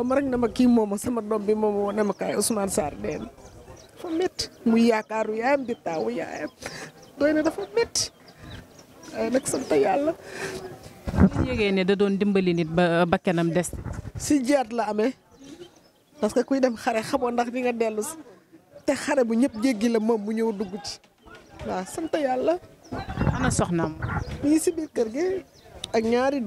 woo ma rek ma kii moom sama doom bi moom woo na ma kaay Ousmane Sarr dee na dafa métti muy yaakaaru yaayam di taawu yaayam nag sant yàlla. bu da doon dimbali nit ba bakkanam si jiyaat la amee parce que kuy dem xare xamoo ndax di nga dellu te xare bu ñëpp jéggi la moom mu ñëw dugg ci waaw sant yàlla.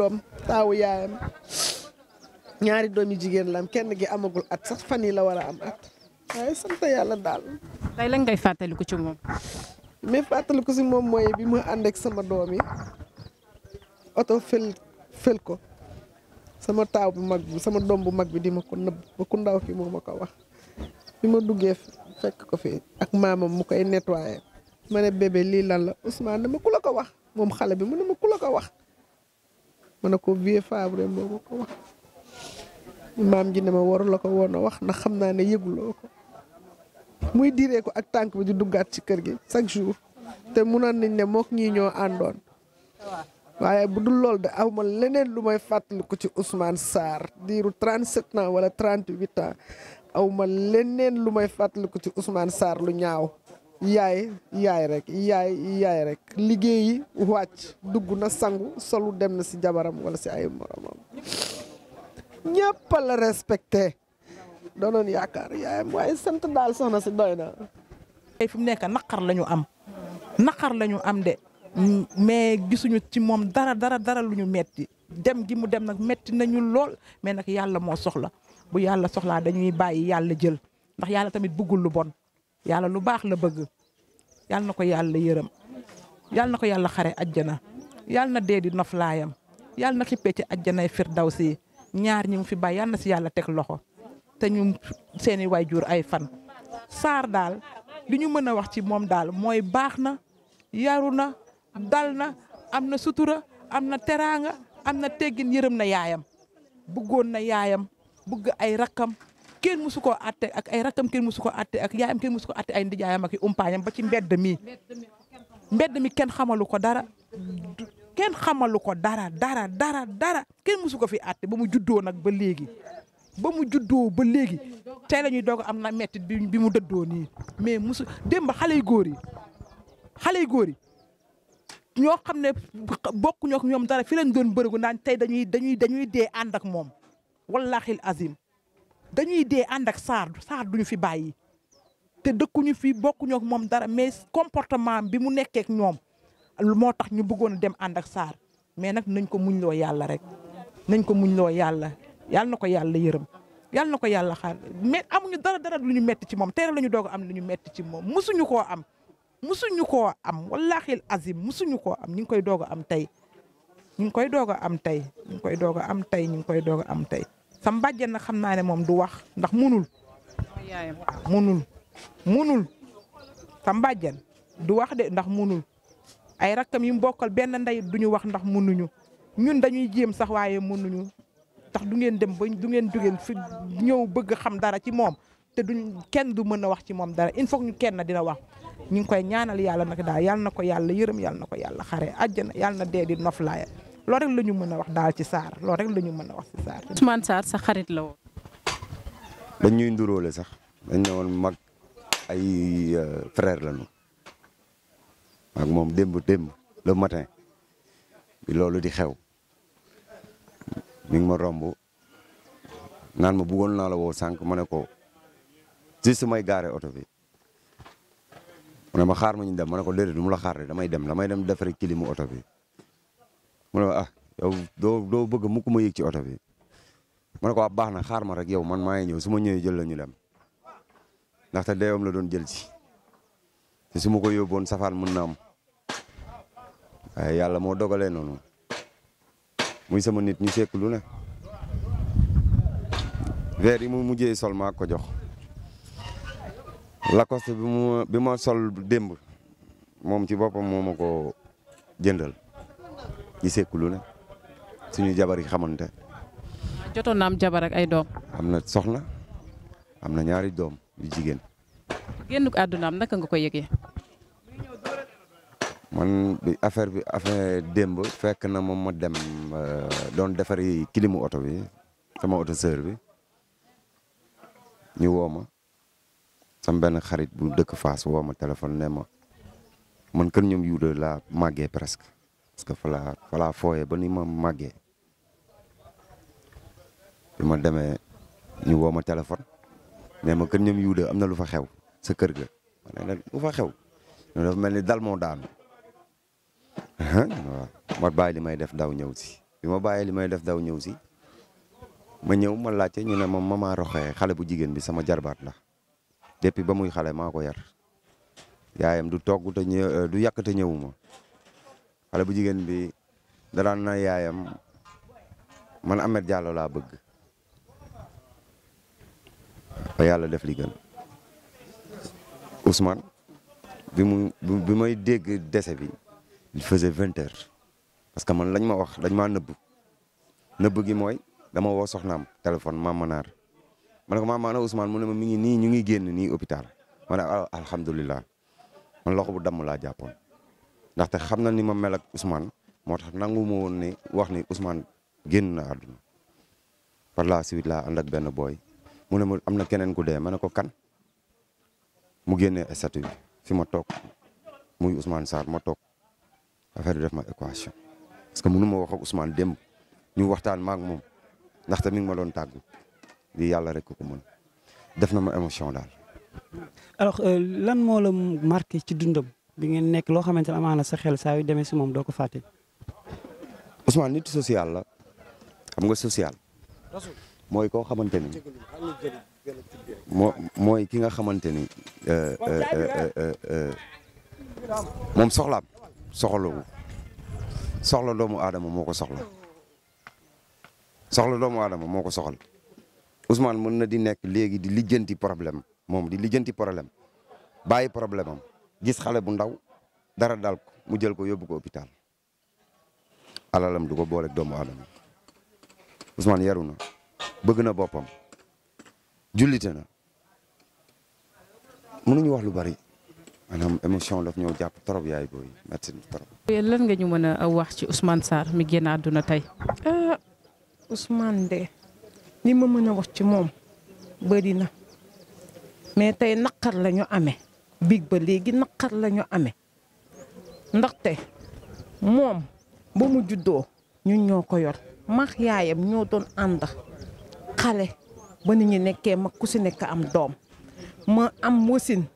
doom taawu yaayam. ñaari doomi jigéen la am kenn gi amagul at sax fan yi la war a am at waaye sant yàlla daal. tey lan ngay fàttaliku ci moom. mais si moom mooy bi mu ànd ak sama doom yi oto fël fël ko sama taaw bu mag bi sama doom bu mag bi di ma ko nëbb ba ku ndaw ki moo ma ko wax ma duggee fekk ko fi ak maamam mu koy nettoyé ma ne bébé lii lan la Ousmane dama ku la ko wax moom xale bi mu ne ma ku la wax ma ko vieux Fabre moo ko wax. maam ji ne ma waru la ko woon a wax ndax xam naa ne yëguloo ko muy diire ko ak tànk bi di duggaat ci kër gi chaque jour te munoon nañ ne mook ñi ñoo àndoon waaye bu dul lool de aw ma leneen lu may fàttaliku ci Ousmane Sarr diiru 37 ans wala 38 ans aw ma leneen lu may fàttaliku ci usmaan saar lu ñaaw yaay yaay rek yaay yaay rek liggéeyi wàcc dugg na sangu solu dem na ci jabaram wala ci ay moromam ñëpp la respecté doonoon yaakaar yaayam waaye sant daal soxna si doy na. fi mu nekk naqar la ñu am naqar lañu am de mais gisuñu ci moom dara dara dara lu ñu metti dem gi mu dem nag metti nañu lool mais nag yàlla moo soxla bu yàlla soxlaa dañuy bàyyi yàlla jël ndax yàlla tamit bëggul lu bon yàlla lu baax la bëgg yàlla na ko yàlla yërëm yàlla na ko yàlla xare ajjana yàlla na dee di noflaayam yàlla na xippee ci ajjanay si ñaar ñi mu fi bàyyi yal na si yàlla teg loxo te ñu seeni waajur ay fan. saar daal li ñu mën a wax ci moom daal mooy baax na yaru na dal na am na sutura am na teraanga am na teggin yërëm na yaayam bëggoon na yaayam bëgg ay rakkam. kenn musu koo ak ay rakkam kenn musu koo àtte ak yaayam kenn musu koo àtte ay ndijaayam ak i umpaañam ba ci mbedd mi mbedd mi kenn xamalu ko dara kenn xamalu ko dara dara dara dara kenn mësu ko fi àtte ba mu juddoo nag ba léegi ba mu juddoo ba léegi tey la ñuy doog am na mettit bi bi mu dëddoo nii mais mësu démb xale yu góor yi xale yu góor yi ñoo xam ne bokk ñoo ñoom dara fi lañ doon bërëgu naan tey dañuy dañuy dañuy dee ànd ak moom wallaahi azim dañuy dee ànd ak saar saar duñu fi bàyyi te dëkkuñu fi bokk ñoo moom dara mais comportement bi mu nekkeek ñoom moo tax ñu buggoon a dem ànd ak Sarr mais nag nañ ko muñ loo yàlla rek nañ ko muñ loo yàlla yàlla na ko yàlla yërëm yàlla na ko yàlla xaar mais amuñu dara dara lu ñu metti ci moom teere la ñu doog am lu ñu metti ci moom musuñu koo am musuñu koo am wallaahi azim musuñu koo am ñu ngi koy doog am tey ñu ngi koy doog a am tey ñu koy doog a am tey ñu ngi koy doog am tey sam bàjjen nag xam naa ne moom du wax ndax munul munul munul sam bàjjen du wax de ndax munul ay rakkam yi mu bokkal benn du duñu wax ndax mënuñu ñun dañuy jéem sax waaye mënuñu tax du ngeen dem ba du ngeen jógeen fi ñëw bëgg xam dara ci moom te duñ kenn du mën a wax ci moom dara il faut ñu kenn dina wax ñu ngi koy ñaanal yàlla nag daal yàlla na ko yàlla yërëm yàlla na ko yàlla xare àjjana yàlla dee di noflaaya lool rek la ñu mën a wax daal ci saar lool rek la ñu mën a wax ci Sarr. Ousmane Sarr sa xarit la woon. dañ ñuy nduróole sax dañ ne woon mag ay euh, frère la ñu ak moom démb démb le matin bi loolu di xew mi ngi ma romb naan ma bëggoon naa la woo sànq ma ne ko juste may gaare oto bi mu ne ma xaar ma ñu dem ma ne ko déedéet du mu la xaar damay dem damay dem defari kilimu oto bi mu ne ma ah, doo doo bëgg mukk ma ci oto bi ma ko a ah, baax na xaar ma rek yow man maa ngi ñëw su ma ñëwee jël la ñu dem ndaxte deewam la doon jël si te ko yóbboon safaan mën naam waaye eh, yàlla moo dogalee noonu muy sama nit ñu sekk na ne verre yi mu mujjee sol maa ko jox Lacoste bi mu bi ma sol démb moom ci boppam moo ma ko jëndal ñu sekk lu ne suñu jabar yi xamante. jotoon naam am jabar ay doom. am na soxna am na ñaari doom yu jigéen. génn àddunaam naka nga ko yëgee. man bi affaire bi affaire démb fekk na moom ma dem euh, doon defari kilimu oto bi sama oto sœur bi ñu woo ma sama benn xarit bu dëkk Fass woo ma téléphone ne ma man kën ñoom yuuda màggee presque parce que fa laa ba ni ma màggee bi ma demee ñu ma téléphone ne ma kër ñoom am na lu fa xew sa kër ga lu fa xew mel ni dal moo daanu ma bàyyi li may def daw ñëw si bi ma bàyyee li may def daw ñëw si ma ñëw ma laajte ñu ne ma mama roxee xale bu jigéen bi sama jarbaat la depuis ba muy xale maa ko yar yaayam du togg te ñëw euh, du yàq te ñëwuma xale bu jigéen bi daraan na yaayam man Ahmed Diallo laa bëgg ba yàlla def li gën bi mu bi may dégg dese bi il faisait parce que man lañ ma wax dañ maa nëbb nëbb gi mooy dama woo soxnaam téléphone maam Manaar ma ne ko maam ana mu ne ma mi ngi nii ñu ngi génn nii hôpital ma ne ah, alhamdulilah man loxo bu damm laa jàppoon ndaxte xam na ni ma mel ak moo tax nangu ma woon ni wax ni Ousmane génn na àdduna par la suite laa ànd ak benn booy mu ne ma am na keneen ku dee ma ne ko kan mu génnee statut bi fi ma toog muy Ousmane Sarr ma toog. affaire bi def ma équation parce que mënu ma wax ak Ousmane démb ñu waxtaan maak moom ndaxte mi ngi ma doon tàggu lii yàlla rek ko ko na ma émotion daal. alors euh, lan moo la marqué ci dundam bi ngeen nekk loo xamante ne amaana sa xel saa yu demee si moom doo ko fàtte. Ousmane nit social la xam nga social. mooy koo xamante ni moo mooy ki nga xamante ni euh, euh, moom soxlaam. soxlawu soxla doomu aadama moo ko soxla soxla doomu aadama moo ko soxal Ousmane mën na di nekk léegi di lijjanti problème moom di lijjanti problème bàyyi problème am gis xale bu ndaw dara dal ko mu jël ko yóbbu ko hôpital alalam du ko booleeg doomu aadama Ousmane yaru na bëgg na boppam jullite na mënuñu wax lu bari maanaam émotion daf ñëw jàpp trop yaay booy métti trop. lan nga ñu mën a euh, wax ci Ousmane Sarr mi génn àdduna tey. ah de li ma mën a wax ci moom bëri na mais tey naqar lañu ñu amee big ba léegi naqar lañu ñu amee ndaxte moom ba mu juddoo ñun ñoo ko yor max yaayam ñoo doon ànd xale ba ni ñu nekkee mag ku si nekk am doom ma am wasin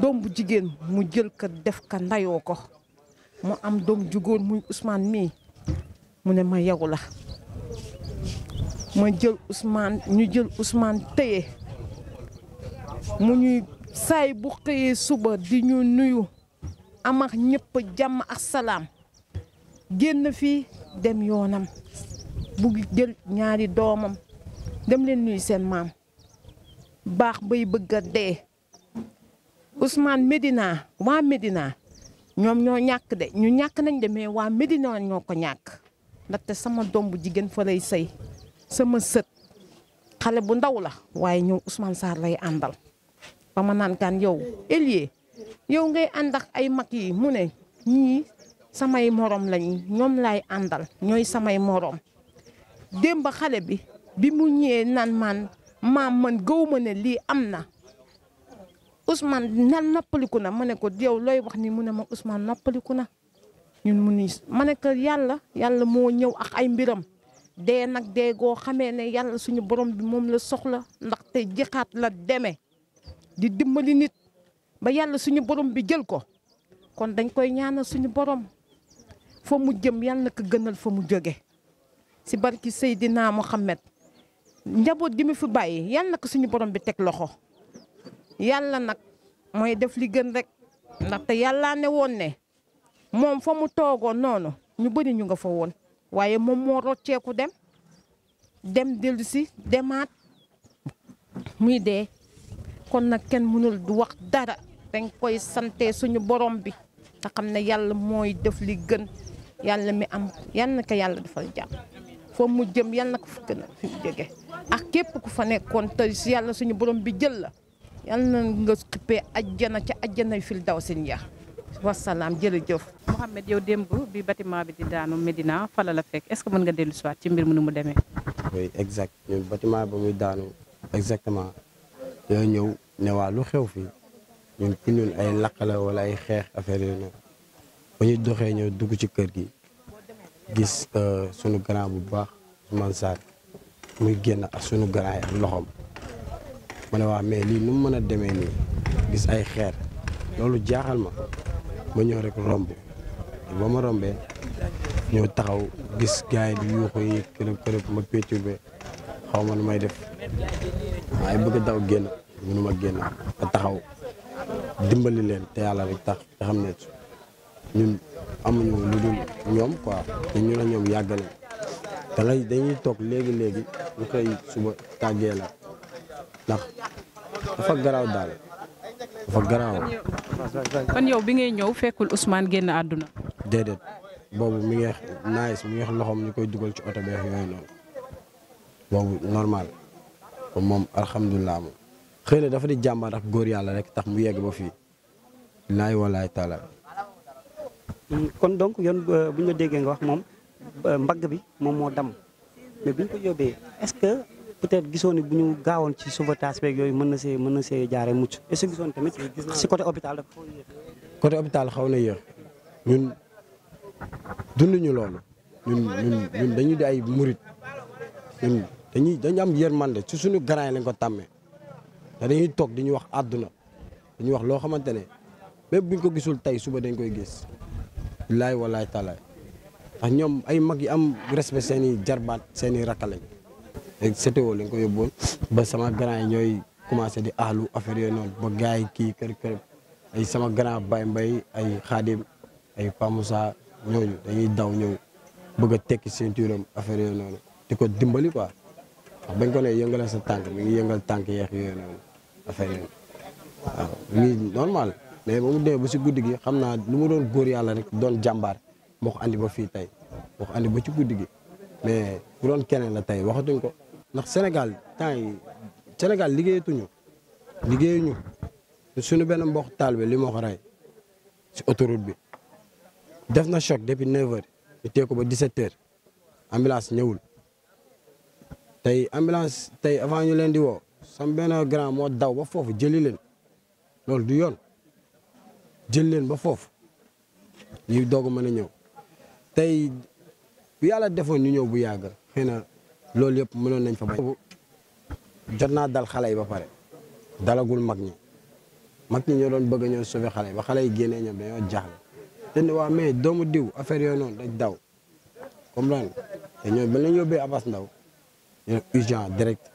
doom bu jigéen mu jël ko def ko ndayoo ko mu am doom ju góor muy usmaan mii mu ne ma yow la ma jël Ousmane ñu jël usmaan téye mu ñuy saay bu xëyee suba di ñu nuyu amax ñépp jàmm ak salaam génn fii dem yoonam bu jël ñaari doomam demleen leen nuyu seen maam baax bay bëgg dee Ousmane Medina waa Medina ñoom ñoo ñàkk de ñu ñàkk nañ de mais waa Medina ñoo ko ñàkk ndaxte sama doom bu jigéen fa lay sëy sama sët xale bu ndaw la waaye ñoom Ousmane saar lay àndal ba ma naan kaan yow Elie yow ngay àndax ay mag yi mu ne ñii samay morom lañ ñoom laay àndal ñooy samay moroom démb xale bi bi mu ñëwee naan man maam man gëw ma ne lii am na Ousmane nan noppaliku na ma ne ko yow looy wax nii mu ne ma usmaan noppaliku na ñun mu nii ma ne ko yàlla yàlla moo ñëw ak ay mbiram dee nag dee goo xamee ne yàlla suñu borom bi moom la soxla ndax ndaxte jixaat la deme di dimmali nit ba yàlla suñu borom bi jël ko kon dañ koy ñaanal suñu borom fa mu jëm yàlla na ko gënal fa mu jóge si barki Seydina Mohamed njaboot gi mu fi bàyyi yàlla na ko suñu borom bi teg loxo. yàlla nag mooy def li gën rek ndaxte yàllaa ne woon ne moom fa mu toogoon noonu ñu bëri ñu nga fa woon waaye moom moo rocceeku dem dem dellu si demaat muy dee kon nag kenn mënul du wax dara dañ koy sante suñu borom bi te xam ne yàlla mooy def li gën yàlla mi am yàlla na ko yàlla defal jàmm fa mu jëm yàlla na ko fa gën mu jóge ak képp ku fa nekkoon te yàlla suñu borom bi jël la yal na nga xippee ajjana ca ajjanay fil daw sin ya wasalaam jërëjëf. Mouhamed yow démb bi batiment bi di daanu médina fala la fekk est-ce que mën nga dellu si ci mbir mi nu mu demee. oui exact ñun bâtiment ba muy daanu exactement ñoo ñëw ne waa lu xew fii ñun pour ñun ay lakk la wala ay xeex affaire yooyu noonu ba ñu doxee ñëw dugg ci kër gi gis euh, sunu grand bu baax Ousmane muy génn ak sunu grand yi ak loxoom. ma ne waa mais lii nu mën a demee nii gis ay xeer loolu jaaxal ma ma ñëw rek romb ba ma rombee ñëw taxaw gis gars yi di yuuxu yi kërëb kërëb ma perturbé xaw ma nu may def waaye bëgg a daw génn mënu ma génn taxaw dimbali leen te yàlla rek tax te xam ne ñun amuñu lu dul ñoom quoi te ñu la ñoom yàgg nañ dañuy toog léegi léegi ñu koy suba tàggee la ndax dafa garaaw daal dafa garaaw. kon yow bi ngay ñëw fekkul usmaan génn àdduna. déedéet boobu mi ngi naaj mi ngi loxoom ñu koy dugal ci oto beex yooyu noonu boobu normal moom alhamdulilah moom xëy na dafa di jàmbaar ak góor yàlla rek tax mu yegg ba fii laay walaay taala. kon donc yoon euh, bu ñu déggee nga wax moom euh, mbagg bi moom moo dam mais bu ñu ko yóbbee peut gisoon ni bu ñu gaawoon ci sauvetage beeg yooyu mën na see mën na see jaaree mucc est-ce que gisoon si côté hôpital dafa xaw côté hôpital xaw na yéex ñun dunduñu loolu ñun ñun dañu di ay murit ñun dañuy dañu am man de ci suñu grand lañ ko tàmmee te dañuy toog di wax àdduna dañuy wax loo xamante ne même buñ ko gisul tey suba dañ koy gis. bilaay walaay talaay ndax ñoom ay mag yi am respect seen i jarbaat seen i rakk lañ léegi CTO lañ ko yóbbuwoon ba sama grand yi ñooy commencé di aalu affaire yooyu noonu ba gars yi kii kër kër ay sama grand bay Mbaye ay Xaadim ay Pamoussa ñooñu dañuy daw ñëw bëgg tekki ceinture am affaire yooyu noonu di ko dimbali ko wax bañ ko ne yëngalal sa tànk mi ngi yëngal tànk yeex yooyu noonu affaire yooyu waaw normal mais ba mu demee ba si guddi gi xam naa lu mu doon góor yàlla rek doon jàmbaar moo ko andi ba fii tey moo ko andi ba ci guddi gi mais bu doon keneen la tey waxatuñ ko ndax Sénégal temps yi Sénégal liggéeyatuñu liggéeyuñu suñu benn mbokk taal bi li moo ko rey si autoroute bi def na choc depuis 9 heures ñu teg ko ba 17 heures ambulance ñëwul tey ambulance tey avant ñu leen di woo sam benn grand moo daw ba foofu jëli leen loolu du yoon jëli leen ba foofu ñu doog a mën a ñëw tey bu yàlla defoon ñu ñëw bu yàgg xëy na loolu yëpp mënoon nañ fa bu jot naa dal xale yi ba pare dalagul mag ñi mag ñi ñoo doon bëgg ñoo sauver xale yi ba xale yi génnee ñoom dañoo jaaxle te ne waa mais doomu diw affaire yooyu noonu dañ daw comprendre te ñoom ba lañ yóbbee Abass Ndao ñu urgence direct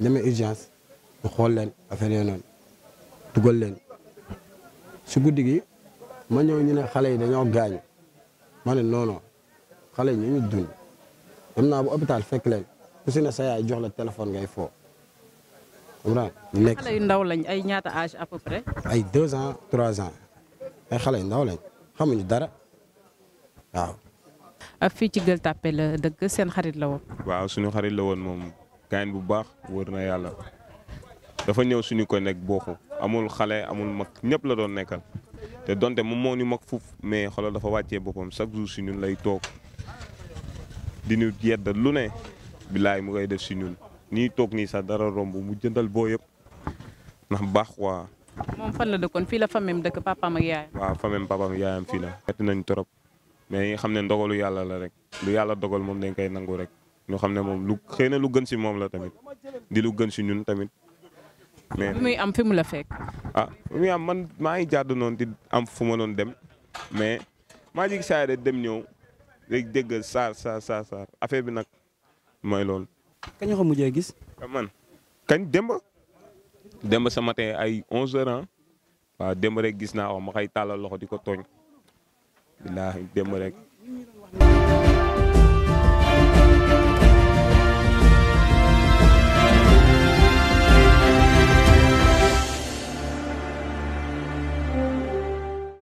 demee urgence xool leen affaire yooyu noonu dugal leen su guddi gi ma ñëw ñu ne xale yi dañoo gaañu ma ne non non xale yi ñu ñu naa ba hôpital fekk leen ku si ne sa yaay jox la téléphone ngay foo. wala nekk xale ndaw lañ ay ñaata âge à peu ay deux ans trois ans xale yu ndaw lañ xamuñu dara waaw. Ah, fii ci Gueule Tapée la dëgg seen xarit la woon. waaw suñu xarit la woon moom gaañ bu baax wër na yàlla dafa ñëw suñu ko nekk bokku amul xale amul mag ñëpp la doon nekkal te donte moom moo ñu mag fuuf mais xoolal dafa wàccee boppam chaque jour si ñun lay toog di ñu lu ne. billaay mu kay def si ñun nii toog nii sax dara romb mu jëndal boo yëpp ndax baax quoi. moom fan la dëkkoon fii la famem dëkk papaam ak yaayam. waaw famem papaam ak yaayam fii la. metti nañ trop mais ñi xam ne ndogalu yàlla la rek lu yàlla dogal moom dañ koy nangu rek ñu xam ne moom lu xëy na lu gën si moom la tamit di lu gën si ñun tamit. mais muy am fi mu la fekk. ah muy am man maa ngi jàdd noonu di am fu ma doon dem mais maa ngi saa dem ñëw rek dégg saar saar saar a affaire bi nag. mooy loolu. kañ nga ko mujjee gis. Ah, man kañ démb. démb sa matin ay 11h waaw démb rek gis naa wax ma xay tàllal loxo di ko tooñ. billaahi démb rek.